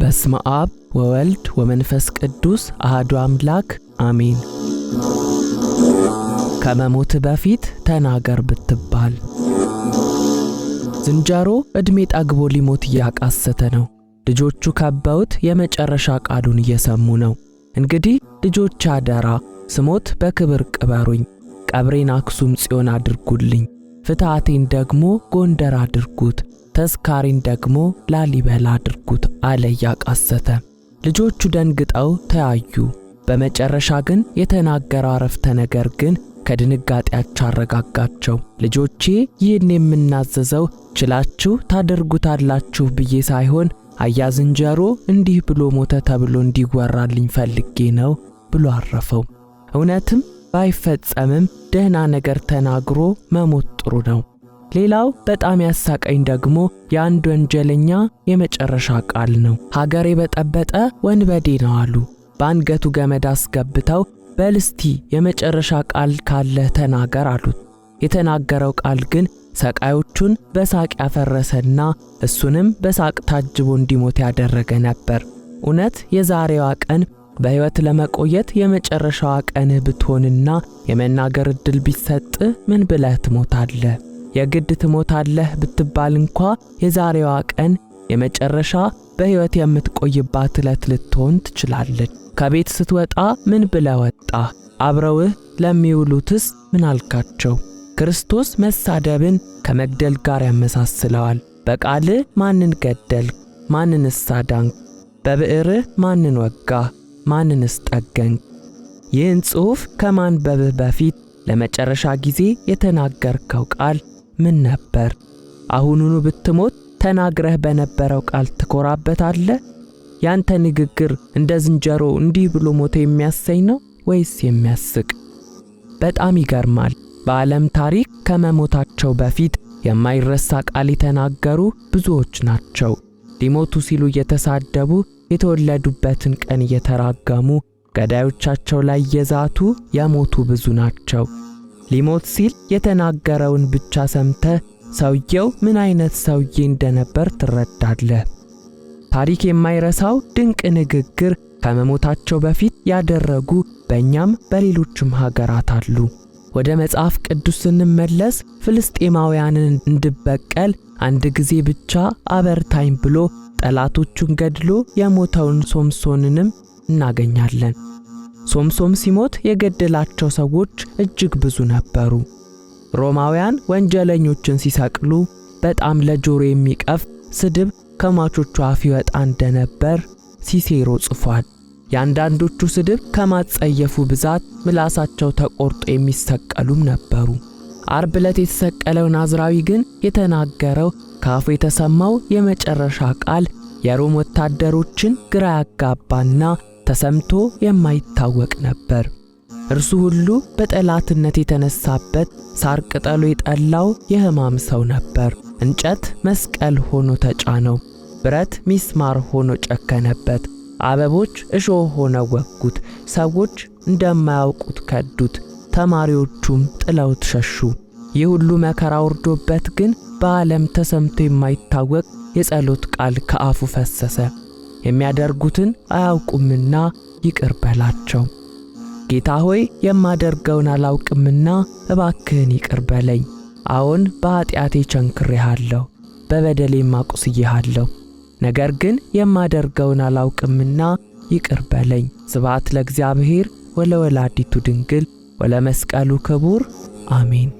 በስመ አብ ወወልድ ወመንፈስ ቅዱስ አህዱ አምላክ አሜን። ከመሞት በፊት ተናገር ብትባል። ዝንጀሮ ዕድሜ ጠግቦ ሊሞት እያቃሰተ ነው። ልጆቹ ከበውት የመጨረሻ ቃሉን እየሰሙ ነው። እንግዲህ ልጆች አደራ፣ ስሞት በክብር ቅበሩኝ፣ ቀብሬን አክሱም ጽዮን አድርጉልኝ፣ ፍትሐቴን ደግሞ ጎንደር አድርጉት ተስካሪን ደግሞ ላሊበላ አድርጉት አለ እያቃሰተ። ልጆቹ ደንግጠው ተያዩ። በመጨረሻ ግን የተናገረው አረፍተ ነገር ግን ከድንጋጤያቸው አረጋጋቸው። ልጆቼ ይህን የምናዘዘው ችላችሁ ታደርጉታላችሁ ብዬ ሳይሆን አያ ዝንጀሮ እንዲህ ብሎ ሞተ ተብሎ እንዲወራልኝ ፈልጌ ነው ብሎ አረፈው። እውነትም ባይፈጸምም ደህና ነገር ተናግሮ መሞት ጥሩ ነው። ሌላው በጣም ያሳቀኝ ደግሞ የአንድ ወንጀለኛ የመጨረሻ ቃል ነው። ሀገር የበጠበጠ ወንበዴ ነው አሉ። በአንገቱ ገመድ አስገብተው በልስቲ የመጨረሻ ቃል ካለ ተናገር አሉት። የተናገረው ቃል ግን ሰቃዮቹን በሳቅ ያፈረሰና እሱንም በሳቅ ታጅቦ እንዲሞት ያደረገ ነበር። እውነት የዛሬዋ ቀን በሕይወት ለመቆየት የመጨረሻዋ ቀንህ ብትሆንና የመናገር ዕድል ቢሰጥህ ምን ብለህ ትሞታለህ? የግድ ትሞታለህ ብትባል እንኳ የዛሬዋ ቀን የመጨረሻ በሕይወት የምትቆይባት ዕለት ልትሆን ትችላለች። ከቤት ስትወጣ ምን ብለ ወጣ አብረውህ ለሚውሉትስ ምን አልካቸው? ክርስቶስ መሳደብን ከመግደል ጋር ያመሳስለዋል። በቃል ማንን ገደልክ? ማንንስ ሳዳን፣ በብዕርህ ማንን ወጋህ? ማንንስ ጠገንክ? ይህን ጽሑፍ ከማንበብህ በፊት ለመጨረሻ ጊዜ የተናገርከው ቃል ምን ነበር? አሁኑኑ ብትሞት ተናግረህ በነበረው ቃል ትኮራበታለህ? ያንተ ንግግር እንደ ዝንጀሮ እንዲህ ብሎ ሞተ የሚያሰኝ ነው ወይስ የሚያስቅ? በጣም ይገርማል። በዓለም ታሪክ ከመሞታቸው በፊት የማይረሳ ቃል የተናገሩ ብዙዎች ናቸው። ሊሞቱ ሲሉ እየተሳደቡ፣ የተወለዱበትን ቀን እየተራገሙ፣ ገዳዮቻቸው ላይ እየዛቱ የሞቱ ብዙ ናቸው። ሊሞት ሲል የተናገረውን ብቻ ሰምተ ሰውየው ምን አይነት ሰውዬ እንደነበር ትረዳለህ። ታሪክ የማይረሳው ድንቅ ንግግር ከመሞታቸው በፊት ያደረጉ በእኛም በሌሎችም ሀገራት አሉ። ወደ መጽሐፍ ቅዱስ ስንመለስ ፍልስጤማውያንን እንድበቀል አንድ ጊዜ ብቻ አበርታኝ ብሎ ጠላቶቹን ገድሎ የሞተውን ሶምሶንንም እናገኛለን። ሶምሶም ሲሞት የገደላቸው ሰዎች እጅግ ብዙ ነበሩ። ሮማውያን ወንጀለኞችን ሲሰቅሉ በጣም ለጆሮ የሚቀፍ ስድብ ከሟቾቹ አፍ ይወጣ እንደነበር ሲሴሮ ጽፏል። የአንዳንዶቹ ስድብ ከማጸየፉ ብዛት ምላሳቸው ተቆርጦ የሚሰቀሉም ነበሩ። አርብ ዕለት የተሰቀለው ናዝራዊ ግን የተናገረው ከአፉ የተሰማው የመጨረሻ ቃል የሮም ወታደሮችን ግራ ያጋባና ተሰምቶ የማይታወቅ ነበር። እርሱ ሁሉ በጠላትነት የተነሳበት ሳር ቅጠሉ የጠላው የሕማም ሰው ነበር። እንጨት መስቀል ሆኖ ተጫነው፣ ብረት ሚስማር ሆኖ ጨከነበት፣ አበቦች እሾህ ሆነው ወጉት፣ ሰዎች እንደማያውቁት ከዱት፣ ተማሪዎቹም ጥለውት ሸሹ። ይህ ሁሉ መከራ ወርዶበት ግን በዓለም ተሰምቶ የማይታወቅ የጸሎት ቃል ከአፉ ፈሰሰ። የሚያደርጉትን አያውቁምና ይቅር በላቸው። ጌታ ሆይ የማደርገውን አላውቅምና እባክህን ይቅር በለኝ። አዎን በኀጢአቴ ቸንክሬሃለሁ፣ በበደሌም አቁስዬሃለሁ። ነገር ግን የማደርገውን አላውቅምና ይቅር በለኝ። ስብሐት ለእግዚአብሔር ወለወላዲቱ ድንግል ወለመስቀሉ ክቡር አሜን።